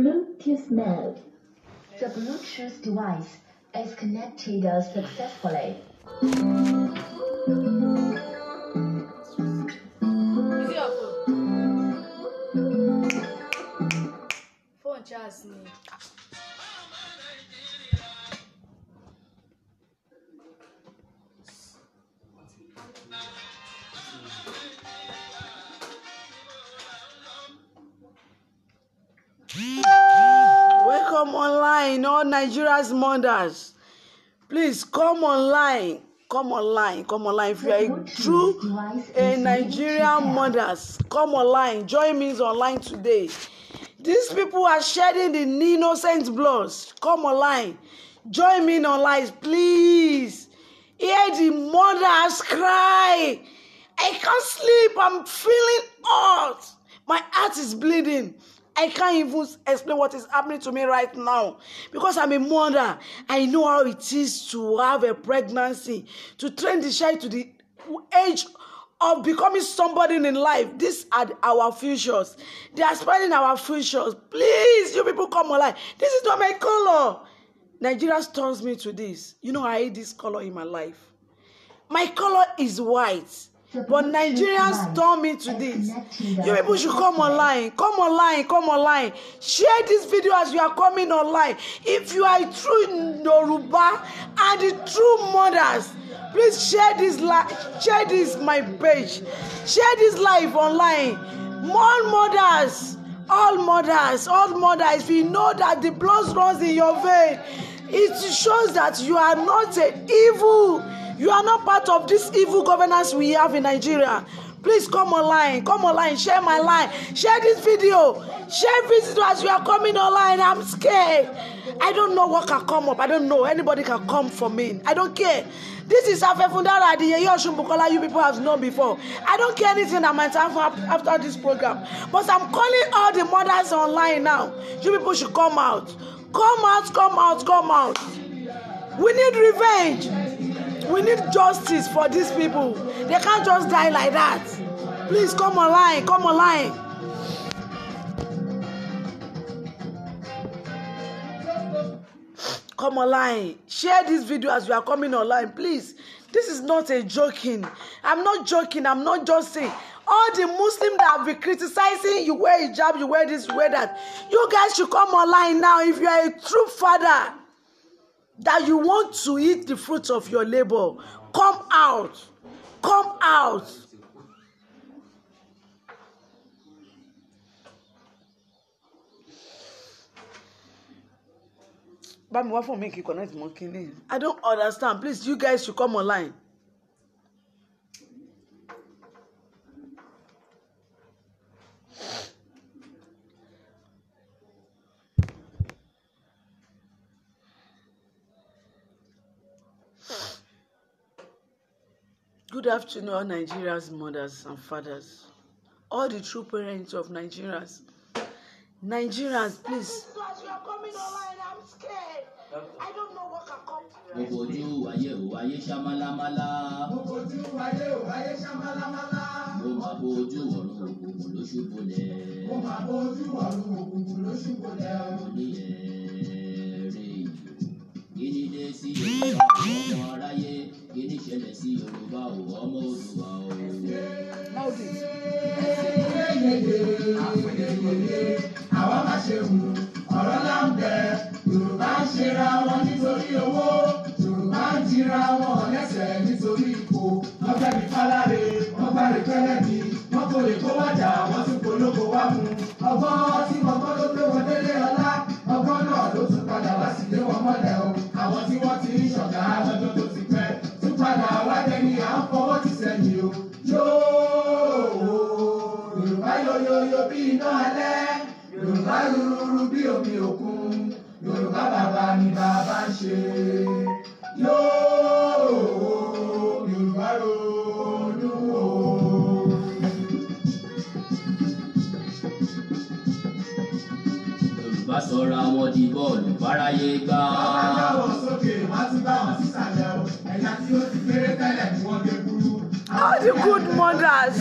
Bluetooth mode. The Bluetooth device is connected successfully. Phone charge Nigeria's mothers, please come online. Come online, come online. If you are true a Nigerian mothers, come online. Join me online today. These people are shedding the innocent blood. Come online. Join me online, please. Hear the mothers cry. I can't sleep. I'm feeling hot. My heart is bleeding. I can't even explain what is happening to me right now because I'm a mother. I know how it is to have a pregnancy, to train the child to the age of becoming somebody in life. These are our futures. They are spoiling our futures. Please, you people come alive. This is not my color. Nigeria turns me to this. You know, I hate this color in my life. My color is white. But Nigerians turn me to this. You people should come online. Come online. Come online. Share this video as you are coming online. If you are a true Yoruba and the true mothers, please share this live. Share this my page. Share this live online. More mothers. All mothers. All mothers. We know that the blood runs in your vein, it shows that you are not an evil. You are not part of this evil governance we have in Nigeria. Please come online, come online, share my line, share this video, share video as you are coming online. I'm scared. I don't know what can come up. I don't know. Anybody can come for me. I don't care. This is Afefundara Adiyeye Osunbukola you people have known before. I don't care anything that might happen after this program. But I'm calling all the mothers online now. You people should come out. Come out, come out, come out. We need revenge we need justice for these people they can't just die like that please come online come online. come online share this video as you are coming online please this is not a joking i'm not joking i'm not just saying all the muslims that have been criticizing you wear hijab you wear this you wear that you guys should come online now if you are a true father that you want to eat the fruit of your labor. Come out. Come out. Bami, what for make you connect more I don't understand. Please, you guys should come online. Good afternoon, all Nigeria's mothers and fathers, all the true parents of Nigerians. Nigerians, please. Obojú wáyé ò wáyé ṣámálámálá. Obojú wáyé ò wáyé ṣámálámálá. Mo máa bójú ọ̀run òkùnkùn lóṣù bolẹ̀. Mo máa bójú ọ̀run òkùnkùn lóṣù bolẹ̀. Mo ní ẹ̀ẹ́rẹ́ yìí. Kí ni dé sí ìyá? ṣẹlẹ̀ sí Yorùbá o ọmọ Oòduà o. àwa má ṣe hù ọ̀rọ̀ láǹbẹ̀ Yorùbá ń ṣera wọn nítorí owó Yorùbá ń jira wọn lẹ́sẹ̀ nítorí lórí òkè òkun Yorùbá bàbá ni bàbá ń ṣe yóò Yorùbá ronú o. Yorùbá sọra wọn di bọ́ọ̀lù báráyé gbá. bàbá dáwọ̀ sókè wọ́n ti bá wọn sísàlẹ̀ o ẹ̀yà tí ó ti kéré tẹ́lẹ̀ ni wọ́n dé kúrú. All the good mothers,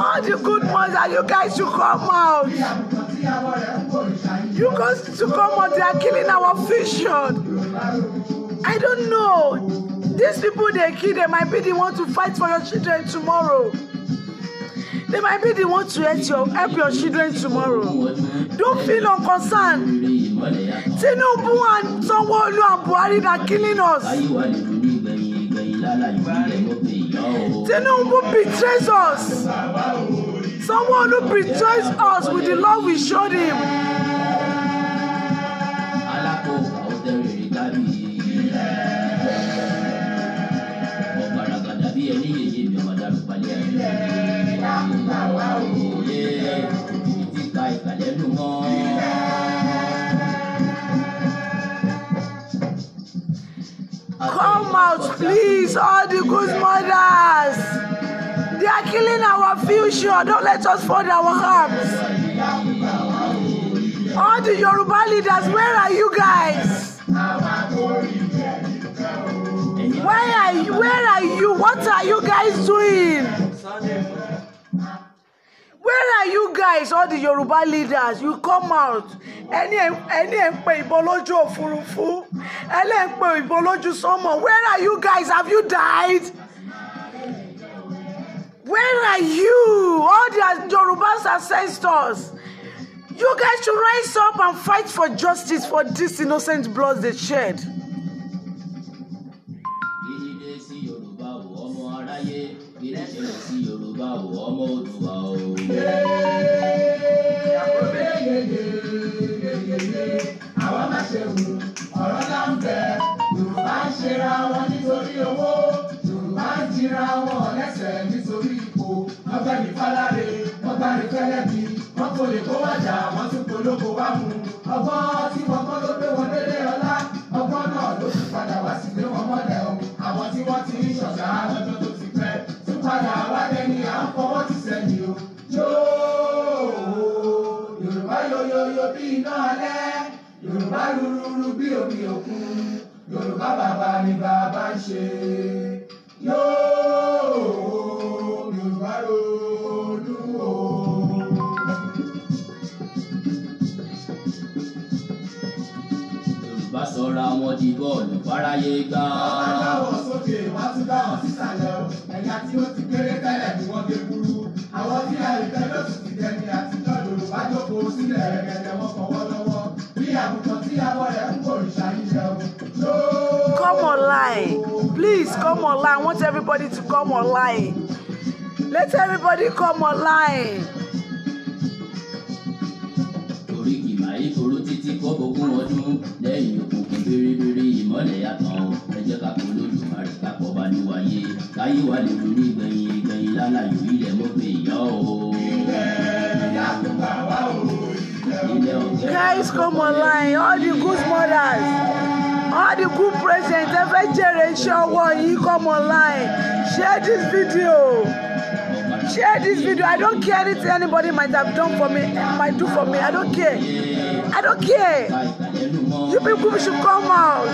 all the good mothers, you guys should come out. You guys to come out. they are killing our vision. I don't know. These people they kill, they might be the one to fight for your children tomorrow. They might be the one to help your, help your children tomorrow. Don't feel unconcerned. Tinubu and Sanwo-Olu and Buhari are killing us. Tinubu betrays us. Someone who betrays us with the love we showed him. Come out, please, all the good mothers. They are killing our future. Don't let us fold our arms. All the Yoruba leaders, where are you guys? Where are you? Where are you? What are you guys doing? Where are you guys? All the Yoruba leaders, you come out. Any ẹni ẹ ń pe ìbọn lójú Where are you guys? Have you died? Where are you? All the Yoruba's ancestors. You guys should rise up and fight for justice for this innocent blood they shed. yorùbá o ọmọ Oòduà o. àwa má ṣe wù ọ̀rọ̀ náà ń bẹ yorùbá ń ṣera wọn nítorí owó yorùbá ń jira wọn lẹ́sẹ̀ nítorí ipò wọ́n fẹ́ mi fáláre wọ́n gbá mi fẹ́lẹ́ bí wọ́n kò lè kó wájà wọ́n tún polówó wá mú ọgbọ́n tí wọ́n kọ́ ló gbé wọn délé ọlá ọgbọ́n náà ló tún padà wá sílé wọn mọ́lẹ̀ o àwọn tí wọ́n ti ń ṣọ̀gá. iná ọlẹ́ Yorùbá rúrúrú bí òbí òkun Yorùbá bàbá ni bàbá ń ṣe yóò Yorùbá ronú o. Yorùbá sọra wọn di bọ́ọ̀lù fáráyé gbá. bàbá dáwọ̀ sókè wá tún dáhùn sísàlẹ̀ o ẹ̀yà tí ó ti kéré sílẹ̀ rẹ̀gẹ̀dẹ̀ wọ́n fọwọ́ lọ́wọ́ bí àgùntàn tí awọ rẹ̀ ń kò rìṣà yìí o. Come online. Please come online. I want everybody to come online. Let everybody come online. Orí kìmà yìí foró títí kọ́ ogún ọdún lẹ́yìn òkùnkùn bèrèbèrè ìmọ́lẹ̀ yàtọ̀ ẹ jẹ́ ká kó lódùmarè kápọ̀ bá ní wáyé káyé wà lè lórí gbẹ̀yìn gbẹ̀yìn lálàyò ilẹ̀ mọ́pẹ́ ìyá o. Ilẹ̀ ìyá tó gbà wá o. Guys, come online, all the good mothers, all the good presents, every generation one, you come online. Share this video. Share this video. I don't care anything anybody might have done for me, might do for me. I don't care. I don't care. You people should come out.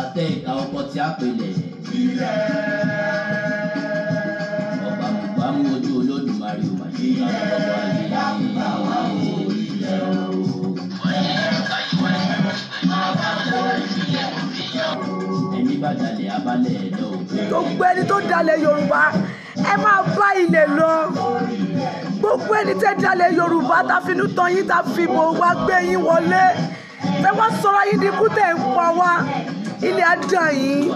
Àtẹ ìta ọkọ tí a pè lẹ̀. gbogbo ẹni tó dalẹ̀ yorùbá ẹ máa bá ilẹ̀ lọ gbogbo ẹni tẹ́ dalẹ̀ yorùbá ta finú tan yín ta fìbò wá gbé yín wọlé tẹ́ wá sọra yín di kú tẹ́ ń pa wá ilé á dà yín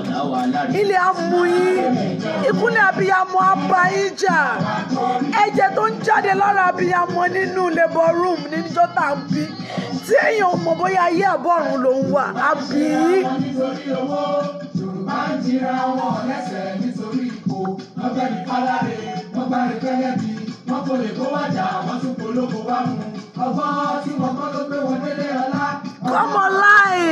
ilé á mú yín ìkúnlẹ̀ abiyamọ á bá yín jà ẹ̀jẹ̀ tó ń jáde lára abiyamọ nínú labour room níjọ́ tá à ń bí tí èèyàn mọ̀ bóyá ayé àbọ̀rùn ló ń wà á Máa ń jira wọn lẹ́sẹ̀ nítorí ipò, wọ́n gbẹ́ni káláre, wọ́n wọ́n kọlẹ̀ kó wájà wọ́n tún polówó wá fún un ọgbọ́n tí wọ́n kọ́ ló gbé wọn délé ọlá. kọ́mọ láì.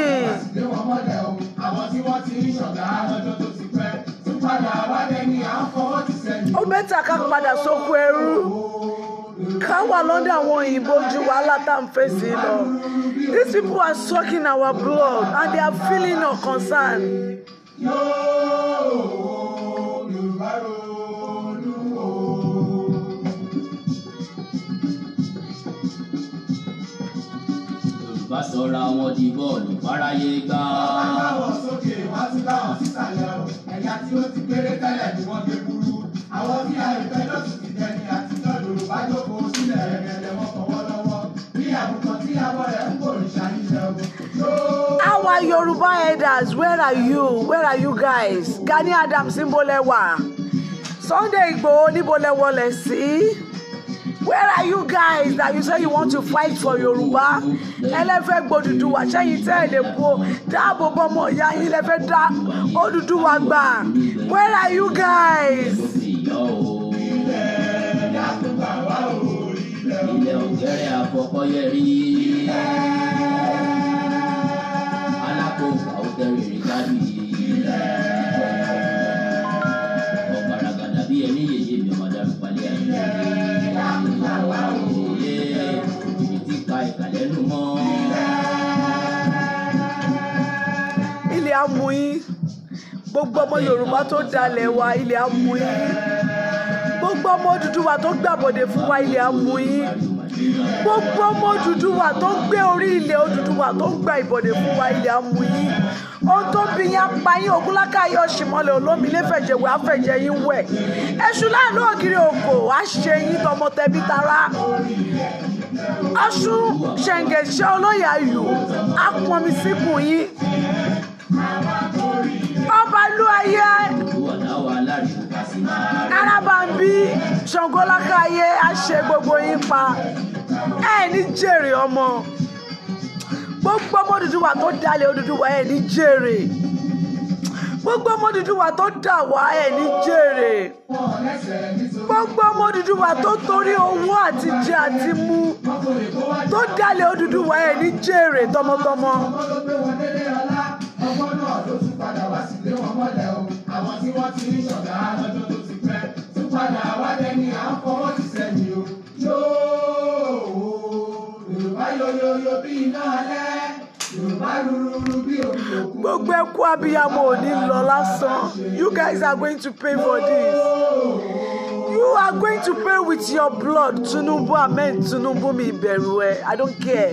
àwọn tí wọ́n ti rí ṣọ̀gá lọ́jọ́ tó ti pẹ́ tún padà wálẹ̀ ni à ń fọwọ́ ti sẹ́yìn. ó mẹ́ta ká padà sóko ẹrú ká wà lọ́dọ̀ àwọn òyìnbó ju wàhálà tá à ń fèsì lọ these people are sucking our blood and they are feeling no concern. yóò Yorùbá bá sọra wọn di bọ́ọ̀lù fáráyé gbá. wọ́n bá sókè wọ́n ti bá sísàlẹ̀ o ẹ̀yà tí ó ti kéré tẹ́lẹ̀ ni wọ́n gbé burú àwọn bí àìpẹ́ lọ́sùn ti dẹni àtijọ́ Yorùbá jókòó sílẹ̀ rẹ̀gẹ̀dẹ̀ wọn kọ̀wọ́ lọ́wọ́ bí àbùkàn tí àwọ̀ rẹ̀ ń bòrìṣà nílẹ̀ o. Our Yoruba elders, where are you? Where are you guys? Gani Adams, níbo Sunday Igboho, níbo lẹ wọlé where are you guys that you say you want to fight for Yorùbá ẹlẹ́fẹ́ gbòdùdùwà sẹ́yìn tẹ́ ẹ̀ lè bo dáàbò bọ́mọ ìyá yín lẹ́fẹ́ dá Odùduwà gbà where are you guys. ilẹ̀ á mú yín gbogbo ọmọ Yorùbá tó dalẹ̀ wa ilẹ̀ á mú yín gbogbo ọmọ Odùduwà tó gbàbọ̀dẹ̀ fún wa ilẹ̀ á mú yín gbogbo ọmọ Odùduwà tó ń gbé orí ilẹ̀ Odùduwà tó ń gba ìbọ̀dẹ̀ fún wa ilẹ̀ á mú yín ohun tó bí yín apá yín ògúnlákà yín ọ̀ṣìmọ́lẹ̀ olómi ilé fẹ̀jẹ̀ wẹ̀ afẹ̀jẹ̀ yín wẹ̀ èṣù láàánú ògiri òkò á ṣe yín tọmọtẹbí tara aṣú ṣẹ̀ǹgẹ̀ṣẹ́ olóyè ayò á pọnmi síkùn yín ọba lu ayé kárábàmbí á ṣe gbogbo yín pa ẹ ní jèrè ọmọ gbogbo ọmọ Odùduwà tó dalẹ̀ Odùduwà ẹ ní jèrè gbogbo ọmọ Odùduwà tó dà wá ẹ ní jèrè gbogbo ọmọ Odùduwà tó torí owó àti jẹ àti mu tó dalẹ̀ Odùduwà ẹ ní jèrè tọmọtọmọ. tí wọ́n ti ní ṣọ̀gá lọ́jọ́ tó ti pẹ́ tún padà wájẹ́ ni à ń fọwọ́ ti sẹ́yìn o. yóò yorùbá yoyoyo bí iná alẹ́ gbogbo ẹkú abiyamọ ò ní lọ lásán you guys are going to pay for this. You are going to pay with your blood, Tinubu Amen, Tinubu mi ìbẹ̀rù ẹ̀, I don't care.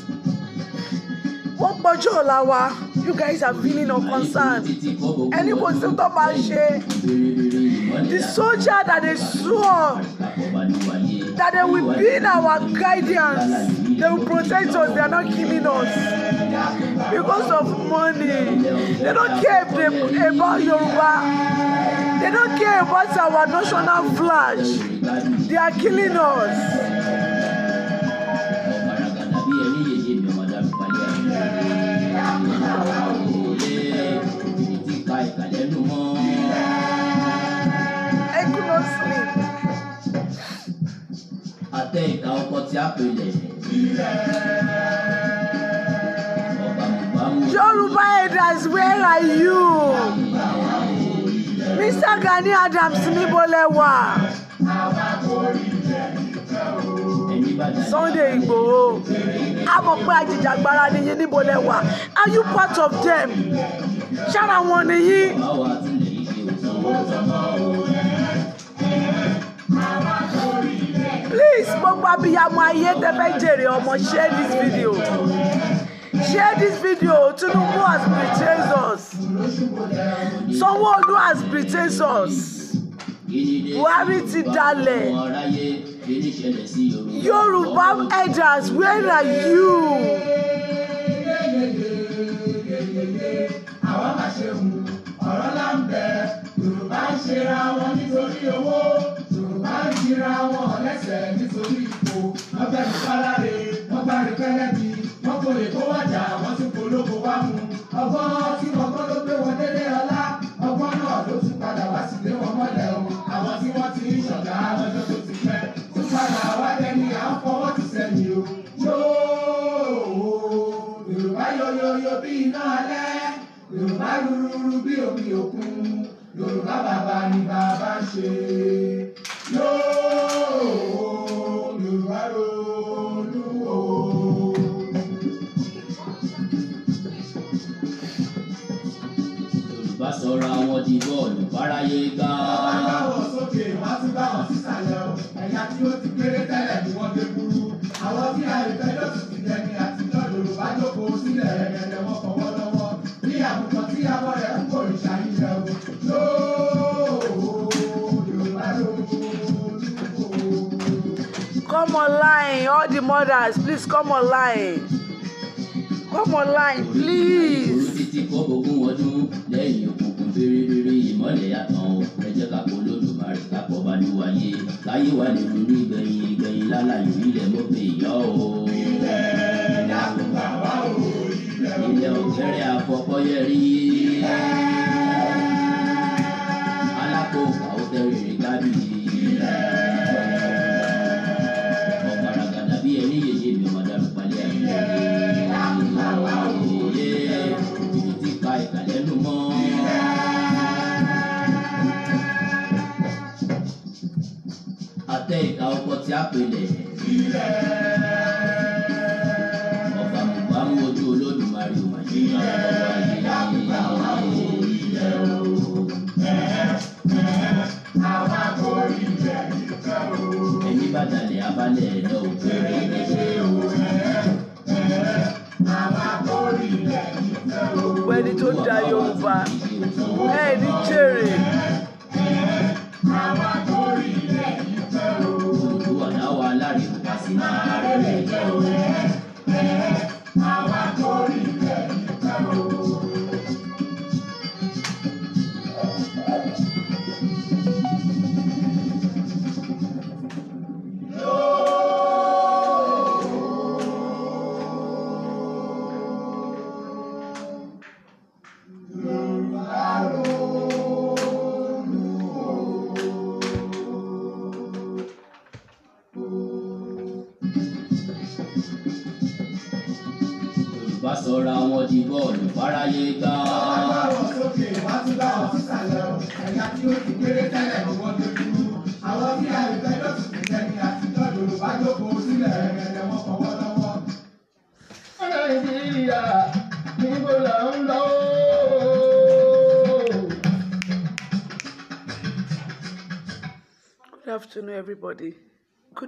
ó gbọ́jọ́ ọ̀la wa you guys are feeling no concern ẹni kò sí tó máa ṣe the soldier that dey swore that they will be in our guidance they will protect us they are not killing us because of money they don't care if they, about Yoruba they don't care about our national flag they are killing us. lẹ́yìn ìta ọkọ tí a pè yẹ. Yorùbá elders where are you? Mr. Gani Adams níbo lẹ wà? Sunday Igboho a mọ̀ pé ajìjàgbara nìyí níbo lẹ wà? Are you part of them? Ṣára wọn nìyí. please gbogbo abiyamọ ayé tẹ fẹ́ jèrè ọmọ share this video share this video Tinubu has betrayed us Sanwó-Olú has betrayed us Buhari ti dalẹ̀ Yorùbá elders where are you. àwa máa ọ̀rọ̀ là Yorùbá ń ṣera wọn nítorí owó wọ́n ń jira wọn lẹ́sẹ̀ nítorí ipò wọ́n bẹ̀rù páláre wọ́n parí pẹ́lẹ́bí wọ́n kò lè kó wájà wọ́n ti polówó wá fún ọgbọ́n tí wọ́n kọ́ ló gbé wọn délé ọlá ọgbọ́n náà ló tún padà wá sí ilé wọn mọ́lẹ̀ o àwọn tí wọ́n ti ń ṣọ̀gá lọ́jọ́ tó ti pẹ́ tún padà wá dẹni à ń fọwọ́ ti sẹ́yìn o yóò Yorùbá yoyoyo bí iná alẹ́ Yorùbá rúrúrú bí omi òkun Yorùbá bàbá ni bàbá ṣe sọ̀rọ̀ àwọn di bọ́ọ̀lù fáráyé gbá. Bàbá bá wọ̀ sókè, wọ́n ti bá wọn sísàlẹ̀ o. Ẹ̀yà tí ó ti kéré tẹ́lẹ̀ ni wọ́n dé burú. Àwọn fi the mothers please come online come online please. títí kọ́ ní wáyé ní gbẹ̀yìn gbẹ̀yìn lálàyé ilẹ̀ mọ́pẹ́ ìyá o. ilẹ̀ dàgbà wá o ilẹ̀ òkèrè àfọkọ́yẹ rí. ilẹ̀. lápilẹ̀. ọba bùbá mú ojú olódùmarè ò máa ṣe ọlọ́wọ́ ayé láyé àwa kò rí jẹ o. àwa kò rí jẹ ìkà o. ẹni bàtàlẹ̀ abálẹ̀ ẹ̀dá òkú.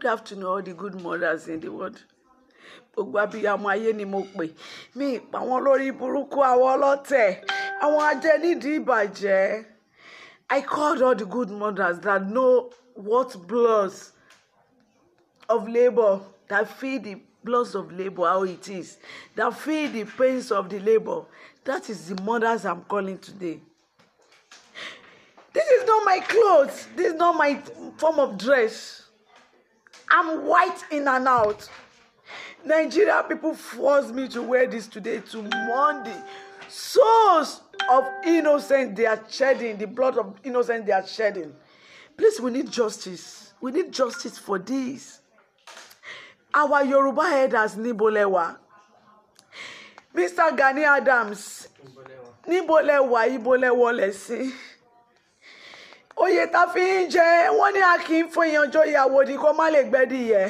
good afternoon all the good mothers in the world gbogbo abiyamọ ayé ni mo pè mí àwọn lórí burúkú àwọn ọlọ́tẹ̀ àwọn ajẹnídìí ìbàjẹ́ I called all the good mothers that know what blood of labour that feel the blood of labour how it is that feel the pains of the labour that is the mothers I'm calling today this is not my clothes this is not my form of dress. I'm white in and out. Nigeria people forced me to wear this today to Monday. Souls of innocent they are shedding, the blood of innocent they are shedding. Please, we need justice. We need justice for this. Our Yoruba head has Nibolewa. Mr. Gani Adams, Nibolewa, Ibolewa, Lessie oyè ta fi ń jẹ wọ́n ní a kì í fún èèyàn ìyàwó ni kó má lè gbẹ́dì yẹ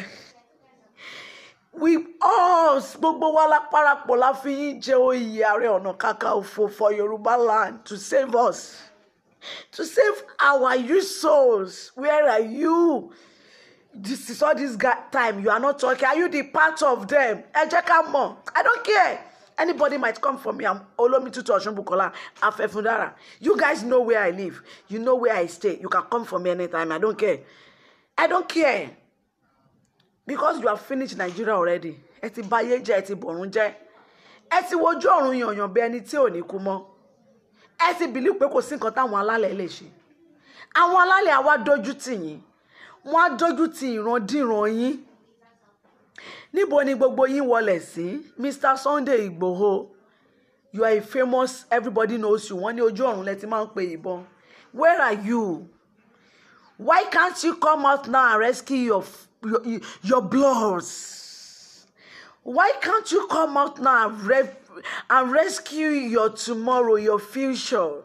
we all gbogbo wa la parapọ̀ la fi ń jẹ oyè ààrẹ ọ̀nà kakanfò for yorùbá land to save us to save our youth souls where are you this is all this time you are not talking are you the part of them ẹ jẹ́ ká mọ̀ i don't care. Anybody might come for me. I'm to Oshunbukola Afefundara. You guys know where I live. You know where I stay. You can come for me anytime. I don't care. I don't care. Because you have finished Nigeria already. Ẹ ti bayé jẹ́, ẹ ti bọ̀rún jẹ́. Ẹ ti wojú ọ̀run yànyàn bí ẹni tí ò ní kú mọ́. Ẹ ti bìlí pé kò sí nǹkan táwọn alálẹ̀ lè ṣe. Àwọn alálẹ̀ àwa dójú tì yín. Wọ́n á dójú ti ìrandíran yín níbo ni gbogbo yín wọlé sí Mr Sunday Igboho you are a famous everybody knows you wọ́n ní ojú ọ̀run lẹ ti máa ń pe ìbọn where are you why can't you come out now and rescue your your, your bloods why can't you come out now and, re and rescue your tomorrow your future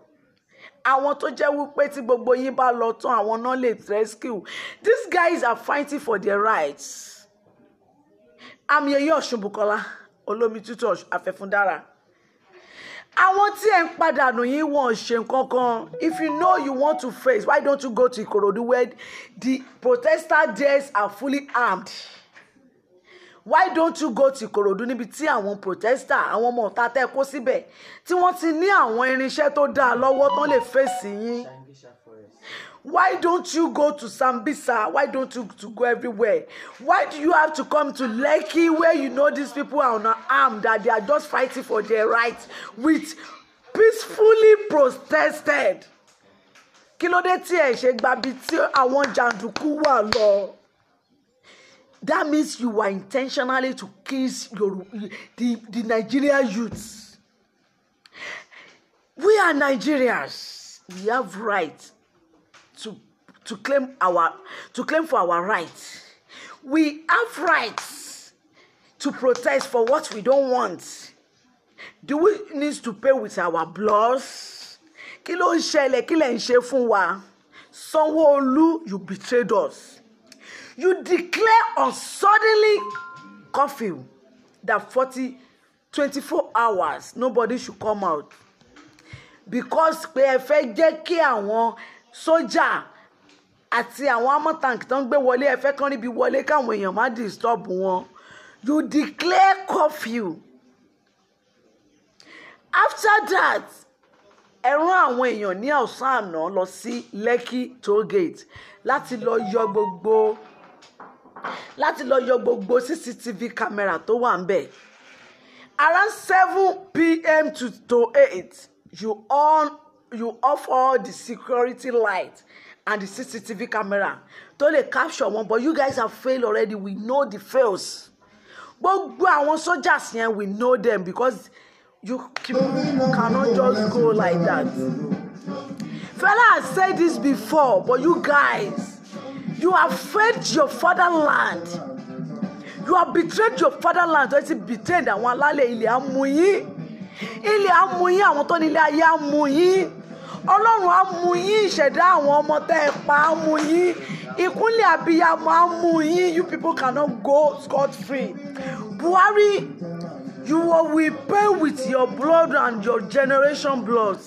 àwọn tó jẹ́ wípé tí gbogbo yín bá lọ tán àwọn náà lè rescue these guys are fighting for their rights amiyeye ọ̀ṣun bukola olómi tútù àfẹ́fúndára àwọn tí ẹ̀ ń padànù yìí wọ́n ṣe nǹkan kan if you know you want to face why don't you go to Ikorodu where the protesters dares are fully armed why don't you go to Ikorodu níbi tí àwọn protester àwọn ọmọ ọ̀tá tẹ́ kó síbẹ̀ tí wọ́n ti ní àwọn irinṣẹ́ tó dáa lọ́wọ́ tán lè fèsì yín. Why don't you go to Sambisa? Why don't you to go everywhere? Why do you have to come to Lekki where you know these people are unarmed, that they are just fighting for their rights, which peacefully protested? Kí ló dé tí ẹ ṣe gbàbí tí àwọn That means you were intentionally to kiss your the, the Nigerian youths. We are Nigerians. We have rights to claim our to claim for our rights. We have rights to protest for what we don't want. Do we need to pay with our blood? Kí ló ń ṣẹlẹ̀ kí lẹ̀ ń ṣe fún wa? Sanwó-Olu, you betrayed us. You declare on suddenly curfew that forty twenty-four hours nobody should come out because pé ẹ fẹ́ jẹ́ kí àwọn sójà àti àwọn amọ̀tàǹkì tó ń gbé wọlé ẹ fẹ́ kán ríbi wọlé káwọn èèyàn má disturb wọn you declare curfew after that ẹ rán àwọn èèyàn ní ọ̀sán àná lọ sí Lekki toll gate láti lọ yọ gbogbo láti lọ yọ gbogbo CCTV camera tó wà ń bẹ̀ around seven pm to to eight you on you off all the security lights and the CCTV camera to lè capture wọn but you guys have failed already we know the fails gbogbo àwọn soldiers yẹn we know them because you cannot just go like that fela I said this before but you guys you have failed your fatherland you have betrayed your fatherland tó ti betrayed àwọn alálẹ̀ ilẹ̀ amúyín ilẹ̀ amúyín àwọn tó ní ilé ayé amúyín ọlọ́run á mú yín ìṣẹ̀dá àwọn ọmọ tẹ́ ẹ pa á mú yín ìkúnlẹ̀ abiyamọ á mú yín you people cannot go scot free Buhari you will pay with your blood and your generation blood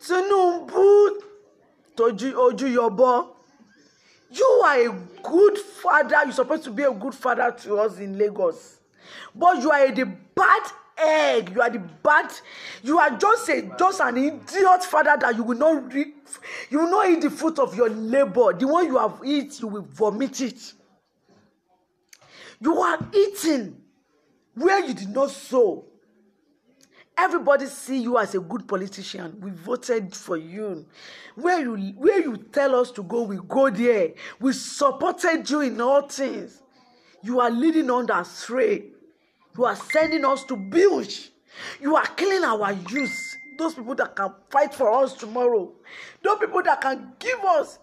Tinubu tójú ojú yọbọ you are a good father you supposed to be a good father to us in Lagos but you are a bad egg you are the bad you are just a just an idiot father that you will not re- you will not eat the fruit of your labour the one you have eat you will vomit it you are eating where you did not sow everybody see you as a good politician we voted for you where you where you tell us to go we go there we supported you in all things you are leading on astray You are sending us to build. You are killing our youth. Those people that can fight for us tomorrow. Those people that can give us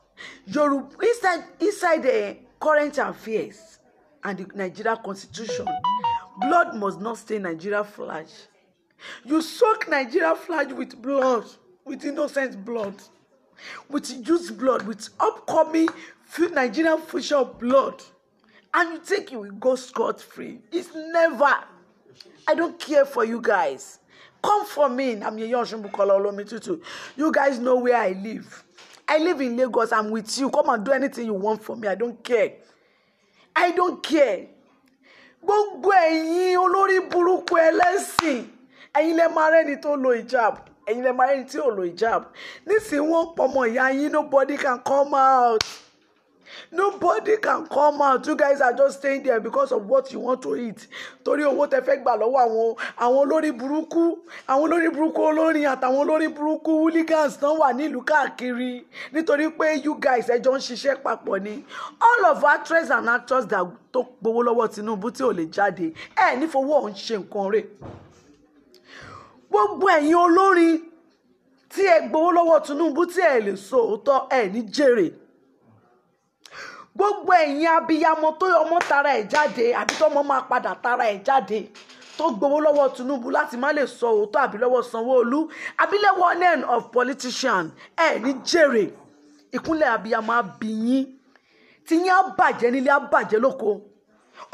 Yoruba inside inside the current affairs and the Nigeria constitution. Blood must not stain Nigeria flag. You soak Nigeria flag with blood, with innocent blood, with youth blood, with upcoming Nigerian future blood and you take you will go scot free. It's never. I don't care for you guys. Come for me. I'm Yeye Olomi Olomitutu. You guys know where I live. I live in Lagos. I'm with you. Come and do anything you want for me. I don't care. I don't care. Gbogbo ẹ̀yin olórí burúkú ẹlẹ́sìn ẹ̀yin lẹ máa rẹ́ni tó lo hijab ẹ̀yin lẹ máa rẹ́ni tí ò lo hijab nísìnyí wọ́n pọ̀ mọ́ ìyá yín nobody can come out nobody can come out you guys are just staying there because of what you want to eat torí owó tẹ fẹ́ gbà lọ́wọ́ àwọn àwọn olórí burúkú àwọn olórí burúkú olórin àtàwọn olórí burúkú hooligans náà wà nílùú káàkiri nítorí pé you guys ẹ jọ ń ṣiṣẹ́ papọ̀ ni all of our actresses and actors that tó gbowó lọ́wọ́ Tinubu tí ò lè jáde ẹ nífowó ọ̀hún ṣe nǹkan rẹ̀ gbogbo ẹ̀yin olórin tí ẹ gbowó lọ́wọ́ Tinubu tí ẹ lè sọ òótọ́ ẹ ní jèrè gbogbo ẹ̀yin abiyamọ tó ọmọ tara ẹ̀ jáde àbí tó ọmọ máa padà tara ẹ̀ jáde tó gbowó lọ́wọ́ Tinubu láti má lè sọ òótọ́ àbí lọ́wọ́ Sanwó-Olú abilẹ́wọ́ none of politician ẹ̀ ní jèrè ìkúnlẹ̀ abiyamọ abiyín tìyín á bàjẹ́ nílé á bàjẹ́ lóko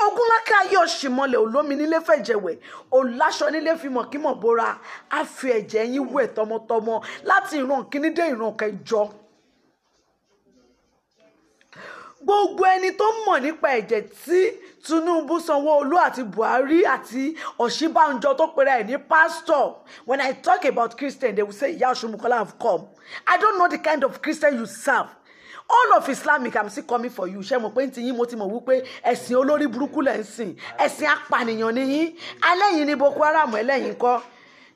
ogunlaka yóò ṣì mọlẹ̀ olómi nílé fẹ̀jẹ̀wẹ̀ òláṣọ nílé fimọ̀ kímọ̀ bora á fi ẹ̀jẹ̀ yín wẹ̀ tọmọtọmọ láti ìran kíní dé ìran kẹjọ gbogbo ẹni tó mọ̀ nípa ẹ̀jẹ̀ tí Tinubu Sanwó-Olu àti Buhari àti Ọ̀ṣínbàjò tó pera ẹ̀ ní pastor when I talk about Christian they will say ìyá Ọ̀ṣunmùkọ́lá have come I don't know the kind of Christian you serve all of islamic i'm still coming for you ṣe mọ̀ pé ti yín mo ti mọ̀ wípé ẹ̀sìn olórí burúkú lẹ̀ ń sìn ẹ̀sìn apànìyàn ni yín ẹlẹ́yìn ni boko haram ẹlẹ́yìn kọ́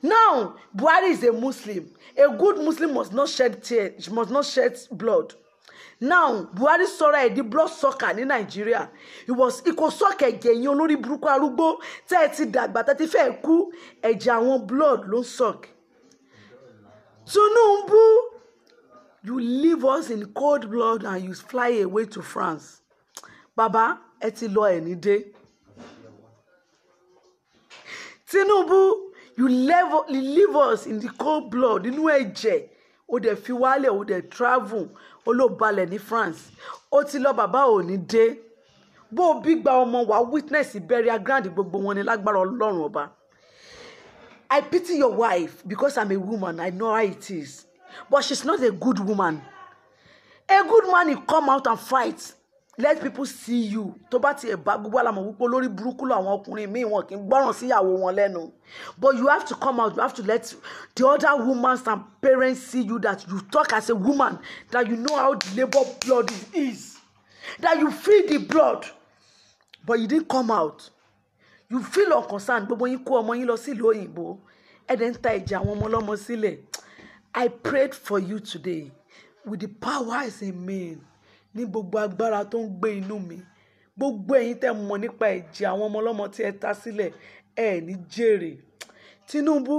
now buhari is a muslim a good muslim must not shed tears must not shed blood now buhari sọra ẹ̀ di blood sucker ní nàìjíríà ìkò sọ́ọ̀kì ẹ̀jẹ̀ yín olórí burúkú arúgbó tẹ́ ẹ ti dàgbà tẹ́ ti fẹ́ kú ẹ̀jẹ̀ àwọn blood ló ń sọ̀kì tinubu you leave us in cold blood and you fly away to france Baba. ẹ ti lọ ẹ̀ ní dé tinubu you level, leave us in the cold blood nínú ẹ̀jẹ̀ o dẹ̀ fi wálẹ̀ o dẹ̀ travel olóbalẹ̀ ní France ó ti lọ bàbá ò dé bó o bí gba ọmọ wa witness burial ground gbogbo wọn ni lágbára ọlọ́run ọba I pity your wife because I'm a woman I know how it is but she's not a good woman a good man he come out and fight let people see you tó bá tiẹ̀ bá gbogbo àlàmọ̀ wípé olórí burúkú làwọn ọkùnrin míì wọn kì í gbọ́ràn síyàwó wọn lẹ́nu but you have to come out you have to let the other women and parents see you that you talk as a woman that you know how the labour blood is that you feel the blood but you didn't come out you feel unconcerned gbogbo yín kó ọmọ yín lọ sí ìlú òyìnbó ẹ̀dẹ̀ ta ẹ̀jẹ̀ àwọn ọmọ ọlọ́mọ sílẹ̀ I prayed for you today with the power as a man ní gbogbo agbára tó ń gbé inú mi gbogbo ẹ̀yin tẹ́ mọ̀ nípa ẹ̀jẹ̀ àwọn ọmọ ọlọ́mọ tí ẹ ta sílẹ̀ ẹ ní jèrè Tinubu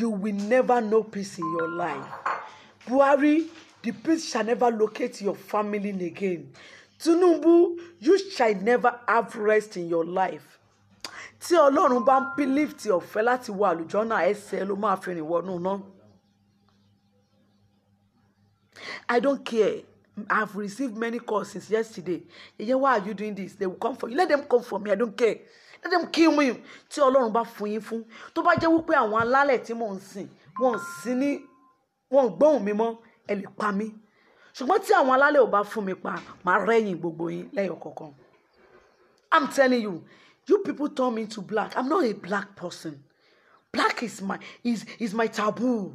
you will never know peace in your life Buhari the peace shall never locate your family again Tinubu you shall never have rest in your life tí Ọlọ́run bá ń pín lift ọ̀fẹ́ láti wọ àlùjọ́nà ẹsẹ̀ ló máa fi rìn wọnú náà I don't care I've received many calls since yesterday. Yeye, why are you doing this? They will come for you. Let them come for me. I don't care. Let them kill me. Tí Ọlọ́run bá fún yín fún. Tó bá jẹ́ wípé àwọn alálẹ̀ tí mò ń sìn, wọ́n sí ní wọ́n gbóhùn mi mọ́, ẹ lè pa mí. Ṣùgbọ́n tí àwọn alálẹ̀ ò bá fún mi pa, màá rẹ́yìn gbogbo yín lẹ́yọ̀ kọ̀ọ̀kan. I'm telling you, you people turn me into black. I'm not a black person. Black is my is is my taboo.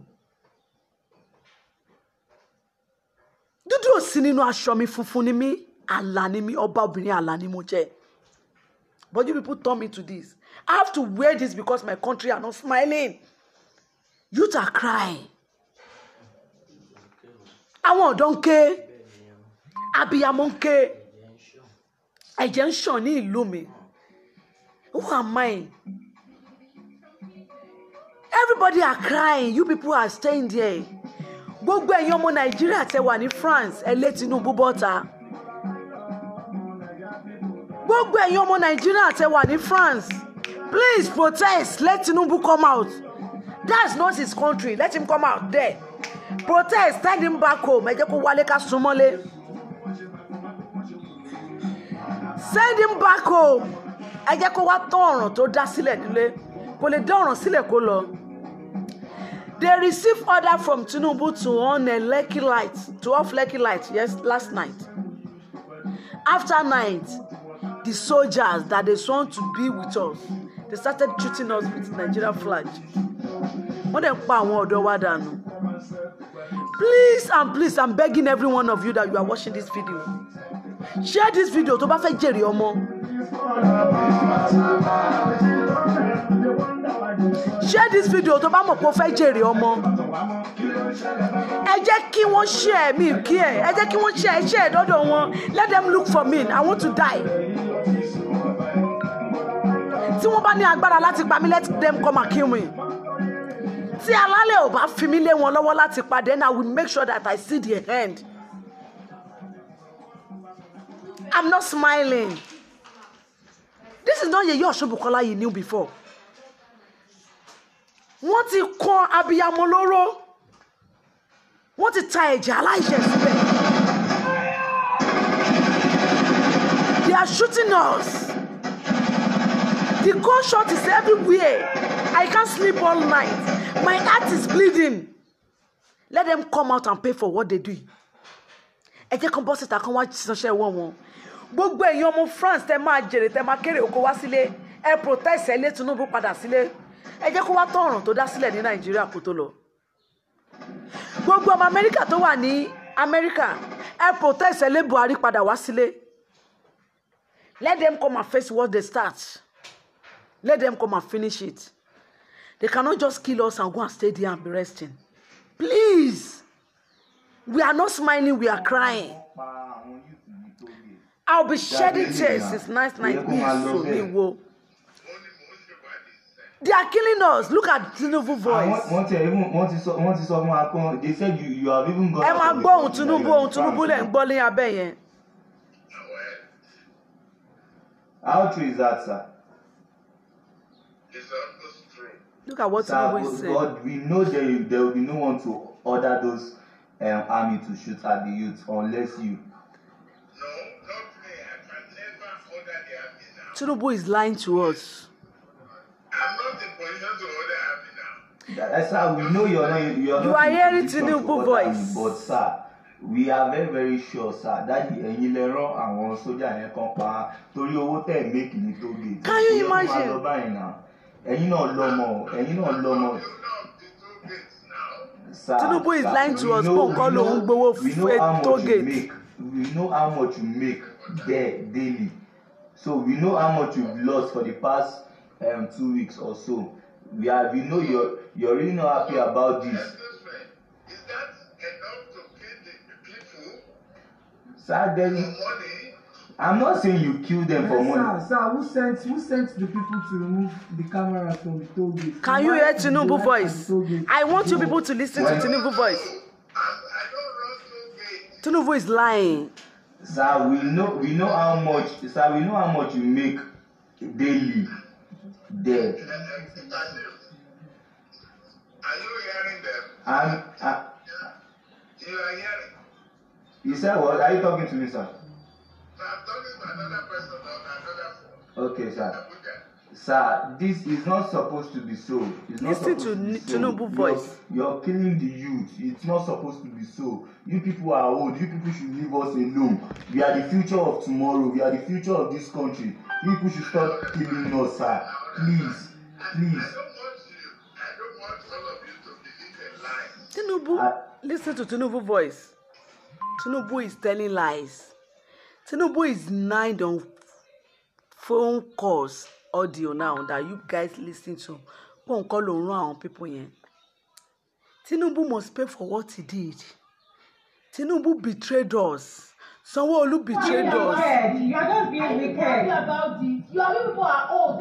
dúdú ò sí nínú aṣọ mi funfun ni mí àlà ni mí ọba obìnrin àlà ni mo jẹ but you people turn me to this i have to wear this because my country are not smiling youth are crying àwọn ọ̀dọ́ ń ké abiyamọ ń ké ẹ̀jẹ̀ ń ṣàn ní ìlú mi who am I everybody are crying you people are staying there gbogbo ẹ̀yin ọmọ nàìjíríà tẹ wà ní France ẹ lé Tinubu bọ́ta gbogbo ẹ̀yin ọmọ nàìjíríà tẹ wà ní France please protest let Tinubu come out that's not his country let him come out there protest send him back home ẹ jẹ́ kó wálé ká súnmọ́lé send him back home ẹ jẹ́ kó wá tán ọ̀ràn tó dá sílẹ̀ nílé kò lè dá ọ̀ràn sílẹ̀ kó lọ. They received order from Tinubu to on a lucky light, to off lucky light, yes, last night. After night, the soldiers that they sworn to be with us, they started shooting us with Nigeria flag. Please and please, I'm begging every one of you that you are watching this video. Share this video to bá fẹ́ jèrè ọmọ share this video tó bá mọ̀ pé o fẹ́ jèrè ọmọ ẹ jẹ́ kí wọ́n share mi kí ẹ ẹ jẹ́ kí wọ́n share ẹ share dọ́dọ̀ wọn let them look for me I want to die tí wọ́n bá ní agbára láti pa mí let them come and kill me tí alálẹ̀ ò bá fi mí lé wọn lọ́wọ́ láti pa then I will make sure that I see the end I'm not smiling this is not Yeye Osunbukola you knew before wọ́n ti kan abiyamọ lóró wọ́n ti ta ẹ̀jẹ̀ aláìṣẹ̀ síbẹ̀. they are shooting us the gunshot is everywhere i can't sleep all night my heart is bleeding let them come out and pay for what they do ẹ jẹ́ kan bọ́ síta kan wá ṣiṣẹ́ wọ́n wọn gbogbo èèyàn ọmọ France tẹ máa jèrè tẹ máa kéré oko wá sílé ẹ protest ẹ lé Tinubu padà sílé ẹ jẹ́ kó wá tán ọ̀ràn tó dá sílẹ̀ ní nàìjíríà kó tó lọ gbogbo ọmọ amẹ́ríkà tó wà ní amẹ́ríkà ẹ protest ẹ lé buhari padà wá sílé let them come and face what they start let them come and finish it they cannot just kill us and go and stay there and be resting please we are not smiling we are crying. I'll be shedding tears since last night. Mi wo they are killing us look at tinubu ah, voice. wọ́n ti even wọ́n ti sọ wọ́n they said you you have even gone. ẹ máa gbọ́ ohun tinubu ohun tinubu lẹ̀ ń gbọ́ ní how true is that sir. look at what tinubu is oh saying. God we know there there will be no one to order those um, army to shoot at the youth unless you. No, not me. I can never order the army now. Tinubu is lying to us. I'm not in position to order happy now. that's how we know you're not. You're you not are hearing to Tinubu voice. But, sir, we are very very sure sir that the lè and àwọn sójà yẹn to pa hotel owó tẹ̀ méèkì ní Can you imagine? ẹ̀yin náà lọ báyìí náà ẹ̀yin náà lọ́mọ ẹ̀yin náà lọ́mọ. Tinubu is lying to us pé nǹkan lòún gbowó fún tó gate. we know how much you make there daily so we know how much you've lost for the past um, two weeks or so. We are, we know you're you're really not happy about this. Is that enough to kill the people? Sir, then, I'm not saying you kill them yes, for money. Sir, sir, who sent who sent the people to remove the camera from the Can you hear Tinubu voice? I want you people to listen when, to Tinubu voice. Tinubu is lying. Sir, we know we know how much sir, we know how much you make daily dead. Are you hearing them? I'm, I, uh, you are hearing. You said what? Are you talking to me, sir? I'm talking to another person on another phone. Okay, sir. Sir, this is not supposed to be so. It's not Listen supposed to, to be so. Tinubu voice. You're, you're killing the youth. It's not supposed to be so. You people are old. You people should leave us alone. We are the future of tomorrow. We are the future of this country. You people should stop killing us, sir. Please, please. Tinubu, listen to Tinubu voice. Tinubu is telling lies. Tinubu is lying on phone calls audio now that you guys listen to. Pon call on run people here. Tinubu must pay for what he did. Tinubu betrayed us. Sanwo-Olu betrayed us. You are just being wicked. Oh,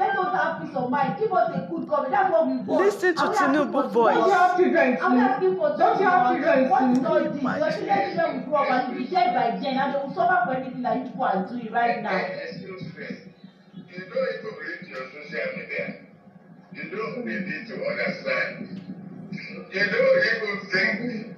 Listen to Tinubu voice. Don't you have children too? Don't you have children too? What is all this? Your children children will grow up and will be dead by then and they will suffer for anything that you people are doing right now. Excuse me. You know it will read your social You know we need to You know even think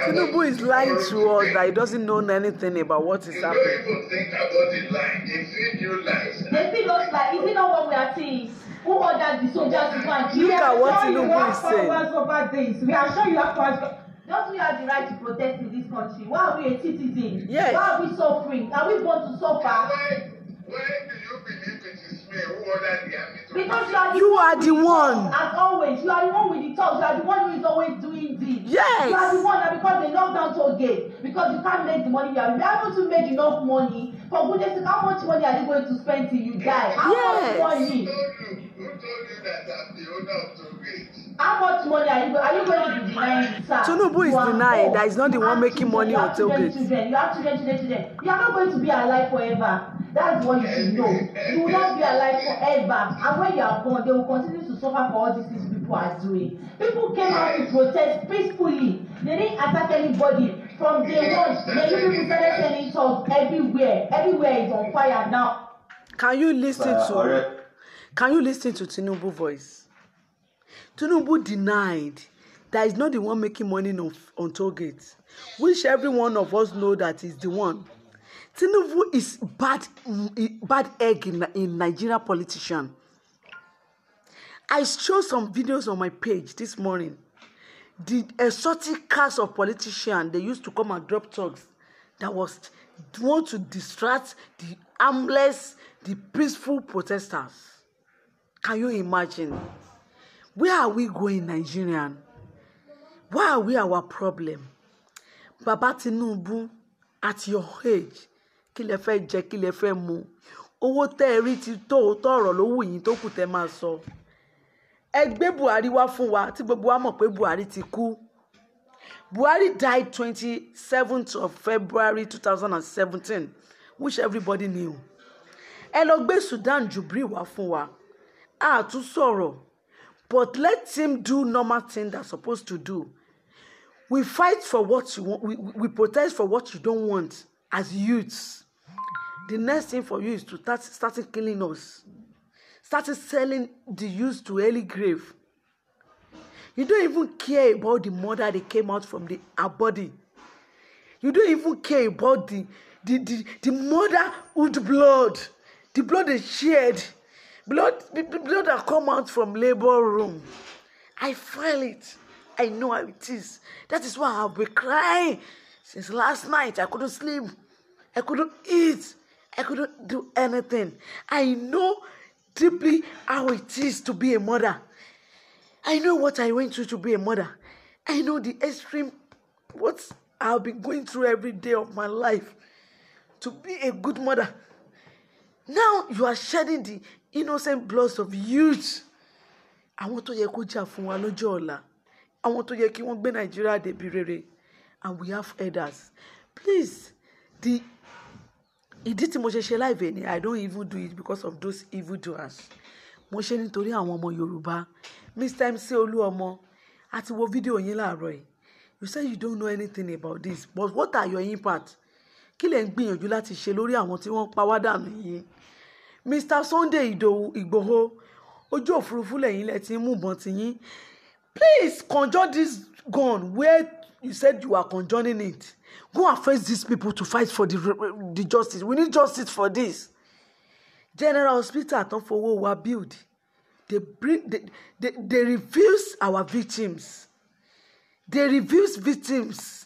Tinubu is lying to us that he doesn't know anything about what is happening. You don't think about the lie. They feed you lies. They feed us lies. Is it not what we are seeing? Who ordered the soldiers to go Look at what Tinubu is saying. We are sure you have powers over this. We are sure you have powers. Don't we have the right to protest in this country? Why are we a citizen? Yes. Why are we suffering? Are we born to suffer? Why, why do you believe it is me who ordered the army to Because you are you are the one. As always, you are the one with the talk. You are the one who is always doing did. Yes. You are the one that because they knocked down toll gate because you can't make the money you are. You haven't even made enough money. For goodness sake, how much money are you going to spend till you die? How yes. much money? Who told you? Who told you that I'm the owner of toll gate? How much money are you, are you going to be denying, sir? Tinubu is denying that he's not the one making children, money on tailgate. Children, you have children, children, children. You are not going to be alive forever. That's what you should know. You will not be alive forever. And when you are born, they will continue suffer for all these things people are doing. People came out to protest peacefully. They didn't attack anybody. From day one, many people started sending talks everywhere. Everywhere is on fire now. Can you listen to Can you listen to Tinubu voice? Tinubu denied that is not the one making money on, on toll gate which every one of us know that is the one tinubu is bad bad egg in, in nigeria politician I showed some videos on my page this morning. The exotic cast of politicians they used to come and drop talks that was want to distract the armless, the peaceful protesters. Can you imagine? Where are we going, Nigerian? Why are we our problem? Baba Tinubu, at your age, kí lẹ fẹ́ jẹ kí lẹ mu owó tẹ́ ẹ ti to tọ̀rọ̀ lówó yìí tó kù tẹ́ máa sọ. So ẹ buhari wá fún wa tí gbogbo wa mọ̀ pé buhari ti kú buhari died twenty seventh of february two thousand and seventeen which everybody knew ẹ lọ gbé sudan jubril wá fún wa a tún sọ̀rọ̀ but let him do normal thing that's supposed to do we fight for what you want we, we protest for what you don't want as youths the next thing for you is to start starting killing us. started selling the used to early grave. You don't even care about the mother that came out from the, her body. You don't even care about the, the, the, the blood, the blood is shed, blood, the blood that come out from labor room. I feel it. I know how it is. That is why I've been crying since last night. I couldn't sleep. I couldn't eat. I couldn't do anything. I know deeply how it is to be a mother. I know what I went through to be a mother. I know the extreme what I've been going through every day of my life to be a good mother. Now you are shedding the innocent blood of youth. Àwọn tó yẹ kó jà fún wa lọ́jọ́ ọ̀la. Àwọn tó yẹ kí wọ́n gbé Nàìjíríà débi rere. And we have elders. Please, the ìdí tí mo ṣe ṣe live ni i don't even do it because of those evil doers mo ṣe nítorí àwọn ọmọ yorùbá mr mc olúọmọ a ti wo fídíò yín láàárọ̀ yìí you say you don't know anything about this but what are your impact kí lẹ̀ ń gbìyànjú láti ṣe lórí àwọn tí wọ́n pa wá dànù yìí mr sunday ìgbòho ojú òfurufú lẹ́yìn lẹ́ ti ń mú ìbọn tiyín please conjure this gun where you said you are conjuring it Go and face these people to fight for the, the justice. We need justice for this. General Hospital for what we are build. They, bring, they, they, they refuse our victims. They refuse victims.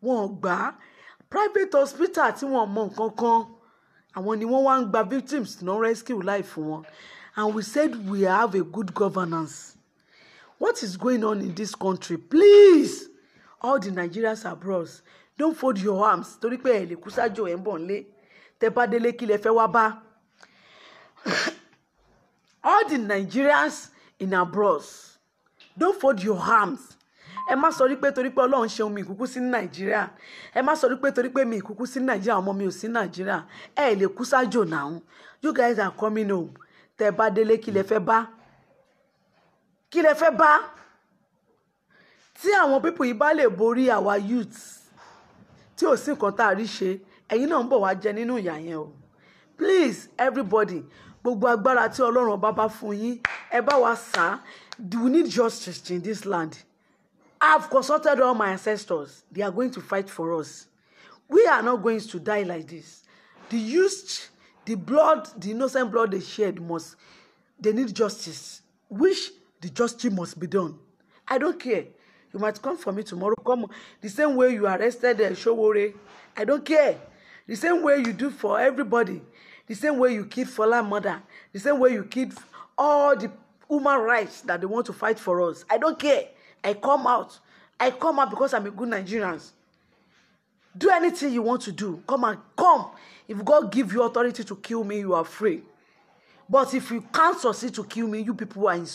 One gbà private hospital tí one mọ nǹkan kan àwọn ni wọ́n wá ń gba victims no rescue life fún wọn. And we said we have a good governance. What is going on in this country? Please all the Nigerians abroad don't fold your arms torí pé ẹ lè kú sájò ẹ ń bọ̀ nílé tẹ bá délé kí lẹ fẹ́ wá bá all the Nigerians in abroad don't fold your arms ẹ má sọ wípé torí pé ọlọ́run ṣeun mi ìkúkú sí nàìjíríà ẹ má sọ wípé torí pé mi ìkúkú sí nàìjíríà ọmọ mi ò sí nàìjíríà ẹ lè kú sájò náà you guys are coming home tẹ bá délé kí lẹ fẹ́ bá kí lẹ fẹ́ bá tí àwọn people yìí bá lè borí àwa youths tí ò sí nǹkan tá a rí ṣe ẹ̀yin náà ń bọ̀ wá jẹ nínú ìyà yẹn o please everybody gbogbo agbára tí ọlọ́run ọba bá fún yín ẹ bá wa sá we need justice in this land i have consulted all my ancestors they are going to fight for us we are not going to die like this the youth the blood the innocent blood they shed must they need justice which the justice must be done i don't care You might come for me tomorrow. Come. The same way you arrested uh, Showore. I don't care. The same way you do for everybody. The same way you kid Fola mother. The same way you kid all the human rights that they want to fight for us. I don't care. I come out. I come out because I'm a good Nigerian. Do anything you want to do. Come and come. If God give you authority to kill me, you are free. But if you can't succeed to kill me, you people are in,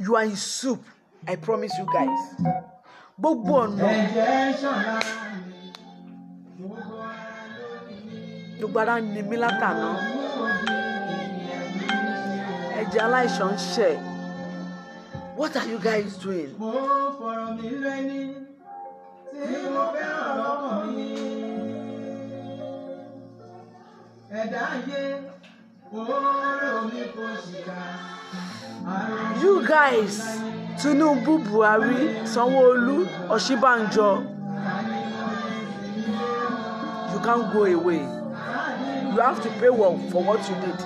you are in soup. I promise you guys gbogbo ọ̀nà. ẹ̀jẹ̀ ṣọ̀la gbogbo ara ń ni mí látàná ẹ̀jẹ̀ aláìsàn ń ṣẹ̀ what are you guys doing. mo fọ̀rọ̀ mi lẹ́ni tí mo fẹ́ràn lọ́kàn mi ẹ̀dá ayé òórùn mi kò ṣìkà. You guys tinubu buhari sanwó-olu ọ̀ṣínbàjò you can't go away you have to pay well for what you did.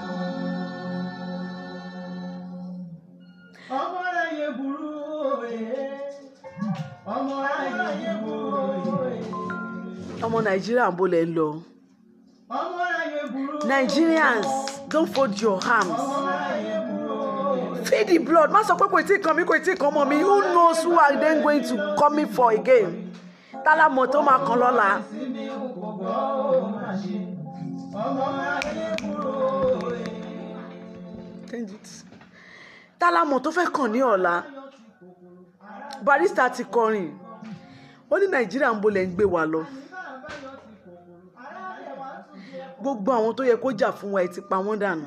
ọmọ ayé burú òye nàìjíríà ń bolẹ̀ lọ. Nigerians don't fold your arms. Feed the blood má sọ pé kò tí ì kan mi kò tí ì kan ọmọ mi who knows who are then going to call me for again tálámọ̀ tó máa kan lọ́la. tálámọ̀ tó fẹ́ kàn ní ọ̀la barista ti kọrin ó ní nàìjíríà ń bolẹ̀ ń gbé wa lọ gbogbo àwọn tó yẹ kó jà fún wa ẹ ti pa wọ́n dànù.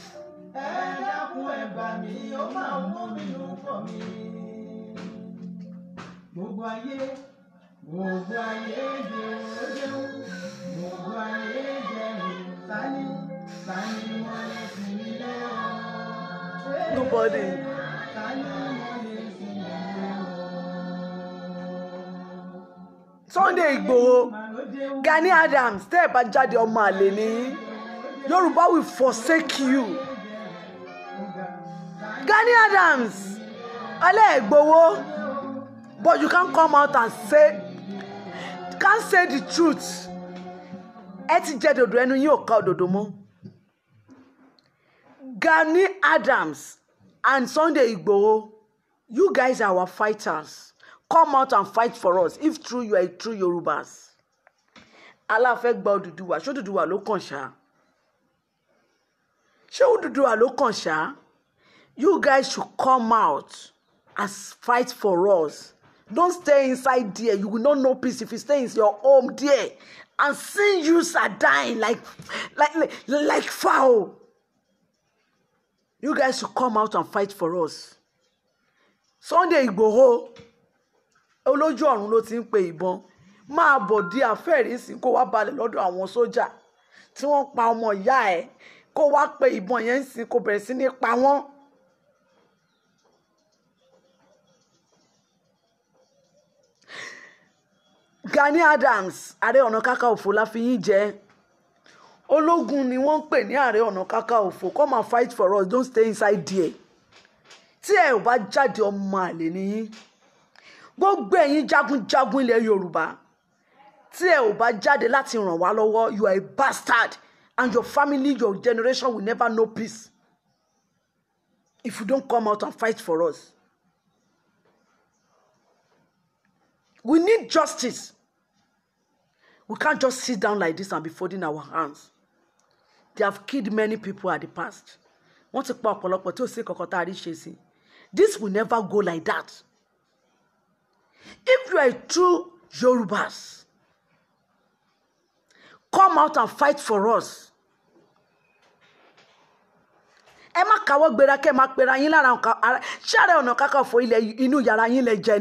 ẹ dákun ẹ ó máa ń mú mi nù pọ̀ mi. gbogbo ayé gbogbo ayé jẹ ojẹun gbogbo ayé jẹ tani tani mo lè sìn mí lẹ́wọ̀n. nobody. Sunday Igboho Gani Adams tẹ́ ẹ̀ bá jáde ọmọ àlè ní Yorùbá will forsake you. Gani Adams ọlẹ́ẹ̀gbowó but you can come out and say can say the truth ẹ ti jẹ dòdò ẹnu yín ò ká òdòdó mọ́ Gani Adams and Sunday Igboho you guys are our fighters come out and fight for us if true you are true Yorubas aláfẹ́ gba Odùduwà ṣé Odùduwà ló kàn ṣá ṣé Odùduwà ló kàn ṣá you guys should come out and fight for us don't stay inside there you will not know peace if you stay in your home there and seeing yous are dying like like like, like fowl you guys should come out and fight for us Sunday Igboho olójú ọ̀run ló ti ń pe ìbọn máa bọ̀ di àfẹ́rìsì kó wá balẹ̀ lọ́dọ̀ àwọn sójà tí wọ́n pa ọmọ ìyá ẹ̀ kó wá pe ìbọn yẹn ń sìn kó bẹ̀rẹ̀ sí ní pa wọ́n. Gani Adams ààrẹ ọ̀nà kakanfò la fi yín ológun ni wọ́n ń pè ní ààrẹ ọ̀nà kakanfò come and fight for us don't stay inside there tí ẹ ò bá jáde ọmọ àlè nìyí gbogbo ẹ̀yin jagunjagun ilẹ̀ Yorùbá tí ẹ ò bá jáde láti ràn wá lọ́wọ́ you are a bastard and your family your generation will never know peace if you don't come out and fight for us. We need justice. We can't just sit down like this and be folding our hands. They have killed many people at the past. Wọ́n ti pa ọ̀pọ̀lọpọ̀ tí ò sí kankan tá a rí This will never go like that. If you are true Yorubas, come out and fight for us. Emma má káwọ́ gbéra kẹ́ ẹ má pera yín lára ṣáàrẹ̀ ọ̀nà kákàfọ́ ilẹ̀ inú yàrá yín lẹ jẹ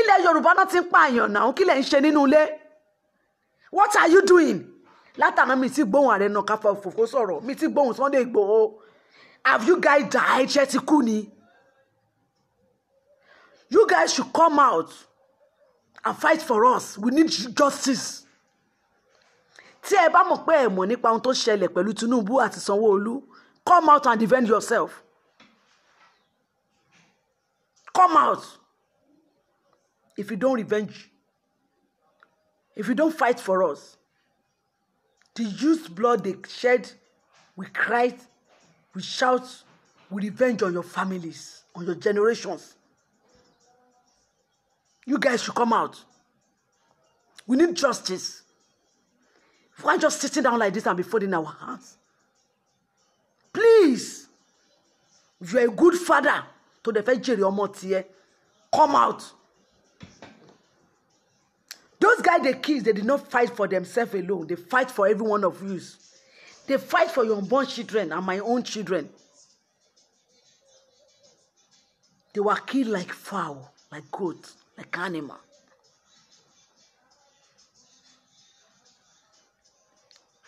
ilẹ̀ yorùbá náà ti ń pààyàn náà kí lẹ̀ ń ṣe nínú ilé what are you doing látàná mi ti gbóhùn ààrẹ náà káfọ òfófó sọ̀rọ̀ mi ti gbóhùn Sunday Igboho have you guys died ṣé ti kú ni you guys should come out and fight for us we need justice tí ẹ bá mọ̀ pé ẹ mọ̀ nípa ohun tó ṣẹlẹ̀ pẹ̀lú Tinubu àti Sanwó-Olú come out and defend yourself come out if you don't revenge, if you don't fight for us, the youth's blood they shed, we cry, we shout, we revenge on your families, on your generations. You guys should come out. We need justice. If we're just sitting down like this and be folding our hands, please, if you're a good father to defend fẹ́ jèrè ọmọ come out. Those guys they kids, they did not fight for themselves alone. They fight for every one of you. They fight for your unborn children and my own children. They were killed like fowl, like goat, like animal.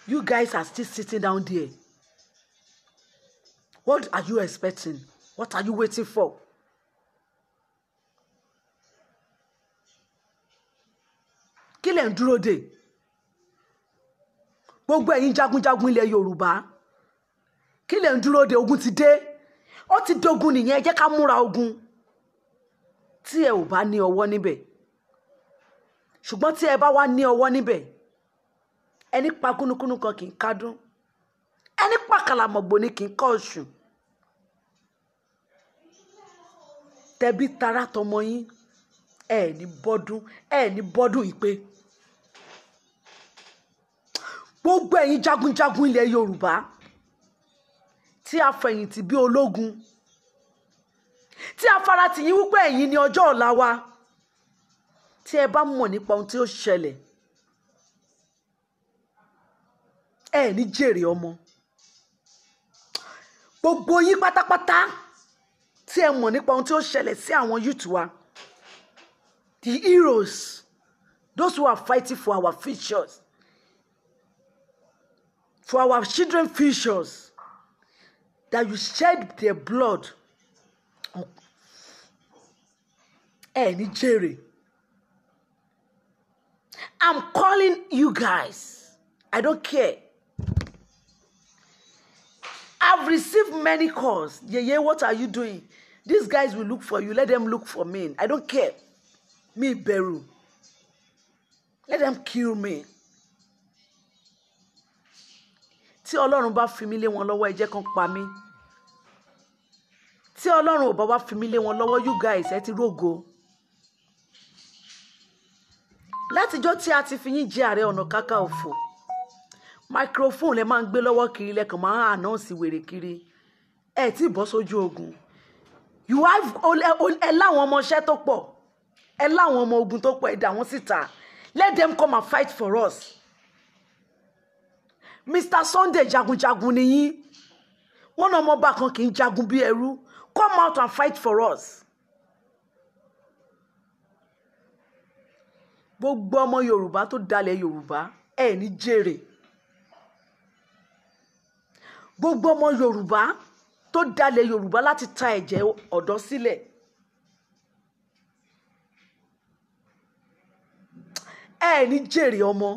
You guys are still sitting down there. What are you expecting? What are you waiting for? kí lẹ̀ ń dúró dè gbogbo ẹ̀yin jagunjagun ilẹ̀ yorùbá kí lẹ̀ ń dúró dè ogun ti dé ó ti dogun nìyẹn ẹ jẹ́ ká múra ogun tí ẹ ò bá ní ọwọ́ níbẹ̀ ṣùgbọ́n tí ẹ bá wá ní ọwọ́ níbẹ̀ ẹni pa kúnukúnu kan kì í kádùn ẹni pa kàlàmọ̀gbò ni kì í kọ́ ọ̀ṣùn tẹbí tará tọmọ yín ẹ ní bọ́dún ẹ ní bọ́dún ìpè gbogbo ẹ̀yin jagunjagun ilẹ̀ yorùbá tí a fẹ̀yìntì bí ológun tí a fara tì yín wípé ẹ̀yin ni ọjọ́ ọ̀la wa tí ẹ bá mọ̀ nípa ohun tí ó ṣẹlẹ̀ ẹ ní jèrè ọmọ gbogbo yín pátápátá tí ẹ mọ̀ nípa ohun tí ó ṣẹlẹ̀ sí àwọn youth wa the heroes those who are fighting for our futures for our children futures that you shed their blood Any eh, Jerry, jèrè i'm calling you guys i don't care i've received many calls Yeah, yeah. what are you doing these guys will look for you let them look for me i don't care me bẹ̀rù let them kill me tí ọlọ́run bá fi mí lé wọn lọ́wọ́ ẹ jẹ́ kán pa mí tí ọlọ́run ò bá wá fi mí lé wọn lọ́wọ́ you guys ẹ ti rógo látijọ́ tí a ti fi yín jẹ ààrẹ ọ̀nà kakanfò microphone lẹ máa ń gbé lọ́wọ́ kiri lẹ́kàn máa ń ànáǹsì wèrè kiri ẹ tí bọ́ sójú ogun you have ẹ láwọn ọmọọṣẹ́ tó pọ̀ ẹ láwọn ọmọ ogun tó pọ̀ ẹ dà wọ́n síta let them come and fight for us Mr. Sunday jagunjagun nìyí wọn náà ọmọọba kan kì í jagun bí ẹrú come out and fight for us. gbogbo ọmọ Yorùbá tó dalẹ̀ Yorùbá ẹ̀ ní jèrè gbogbo ọmọ Yorùbá tó dalẹ̀ Yorùbá láti ta ẹ̀jẹ̀ ọ̀dọ́ sílẹ̀ ẹ̀ ní jèrè ọmọ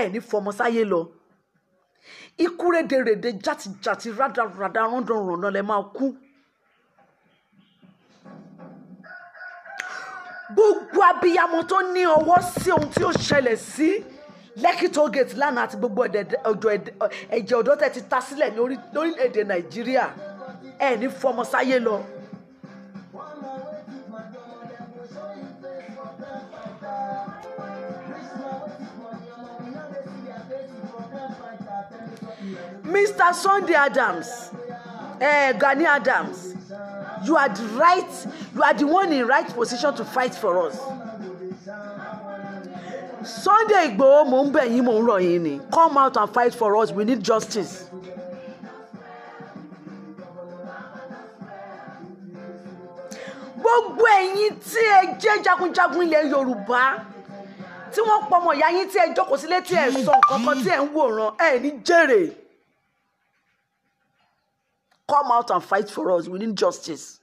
ẹ̀ ní fọmọ sáyé lọ ikú rédèrèdè jàtìjàtì rádaràdà rándanrànà lè máa kú. gbogbo abiyamọ tó ní ọwọ́ sí ohun tí ó ṣẹlẹ̀ sí lẹ́kì tógètì lánàá àti gbogbo ẹ̀jẹ̀ ọ̀dọ́ tẹ̀ ti ta sílẹ̀ ní orílẹ̀-èdè nàìjíríà ẹ̀ ní fọmọ sáyé lọ. Mr. Sunday Adams, uh, Gani Adams, you are the right, you are the one in right position to fight for us. Sunday Igboho mò ń bẹ̀ yín mò ń rọ̀ yín ni come out and fight for us we need justice. gbogbo ẹ̀yin tí ẹ jẹ́ jagunjagun ilẹ̀ Yorùbá tí wọ́n pọ̀ mọ̀ ìyá yín tí ẹ jókòó sílé tí ẹ sọ nǹkan kan tí ẹ ń wòran ẹ ní jèrè come out and fight for us. We need justice.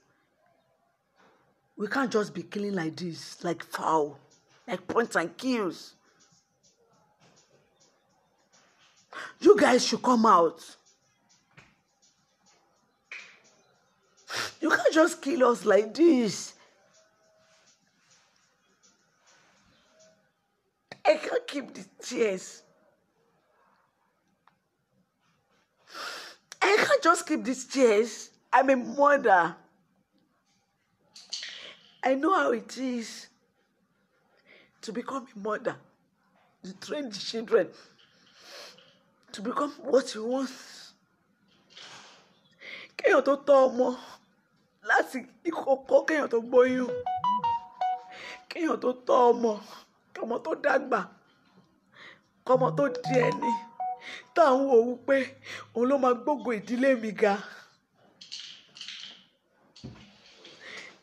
We can't just be killing like this, like foul, like points and kills. You guys should come out. You can't just kill us like this. I can't keep the tears. I can't just keep these chairs. I'm a mother. I know how it is to become a mother, to train the children, to become what you want. Kéèyàn tó tọ́ ọmọ láti ìkọ̀kọ̀ kéèyàn tó gbóyún. Kéèyàn tó tọ́ ọmọ, kọ́mọ tó dàgbà, kọ́mọ tó di ẹni tá à ń wò ó pé òun ló máa gbógun ìdílé mi ga.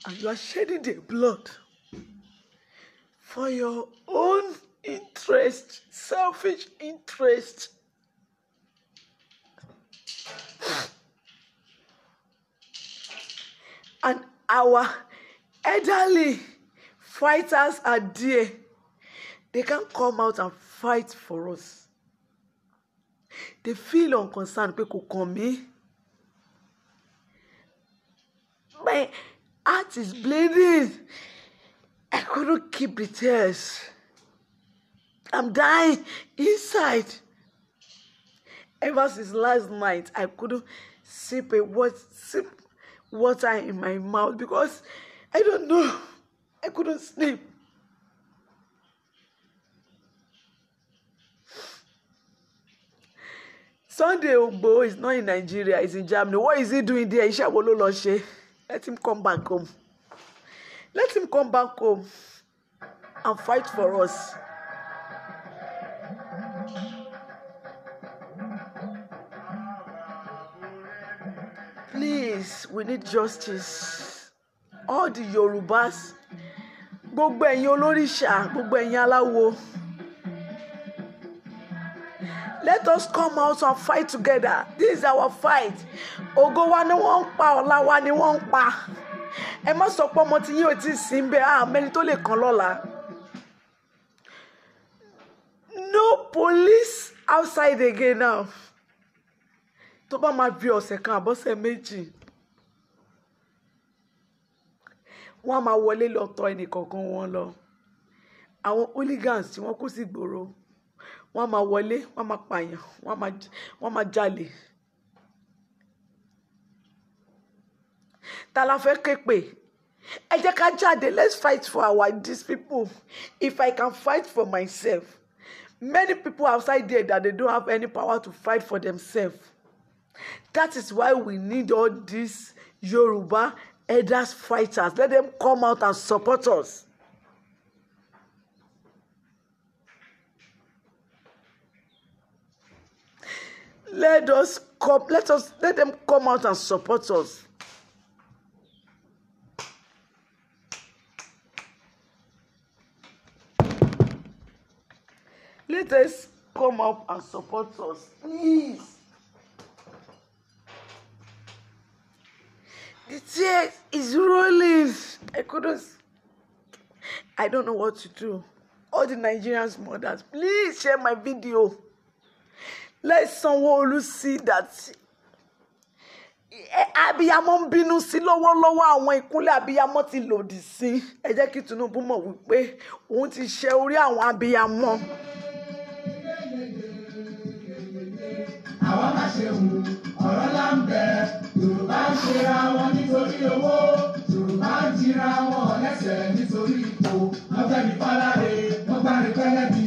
And you are shedding the blood for your own interest, selfish interest. And our elderly fighters are there. They can come out and fight for us they feel unconcerned pé kò kàn mí my heart is bleeding I couldn't keep the tears I'm dying inside ever since last night I couldn't sip a word, sip water in my mouth because I don't know I couldn't sleep. Sunday Igboho is not in Nigeria he's in Germany what is he doing there iṣẹ́ wo ló lọ ṣe let him come back home let him come back home and fight for us. Please, we need justice. All the Yorubas, gbogbo ẹ̀yin olóríṣà, gbogbo ẹ̀yin aláwo let us come out and fight together this is our fight Ogo wa ni wọ́n ń pa ọ̀la wa ni wọ́n ń pa ẹ má sọ pé ọmọ tí yín ò ti sìn bẹ́ẹ̀ àmẹ́ni ah, tó lè kàn lọ́la. no police outside again now tó bá máa bí ọ̀sẹ̀ kan àbọ̀sẹ̀ méjì wọ́n á máa wọlé lọ tọ́ ẹnì kọ̀ọ̀kan wọn lọ àwọn hooligans tí wọ́n kó sí gbòòrò wọ́n á máa wọlé wọ́n á máa pààyàn wọ́n á máa jalè. ta la fẹ́ képe ẹ jẹ́ ká jáde let's fight for our these people if i can fight for myself many people outside there that they don't have any power to fight for themselves that is why we need all these Yoruba elders fighters let them come out and support us Let us come, let us let them come out and support us. Let us come up and support us, please. The tear is rolling. I couldn't. I don't know what to do. All the Nigerians mothers, please share my video let Sanwó-Olú see that abiyamọ ń bínú sí lọ́wọ́lọ́wọ́ àwọn ìkúnlẹ̀ abiyamọ ti lòdì sí ẹ jẹ́ kí Tinubu mọ̀ wípé òun ti ṣe orí àwọn abiyamọ. àwọn máa ṣe wù ọ̀rọ̀ là Yorùbá ń ṣera wọn nítorí owó Yorùbá ń jira wọn lẹ́sẹ̀ nítorí ipò wọ́n fẹ́ mi fáláre wọ́n gbá mi pẹ́lẹ́bí.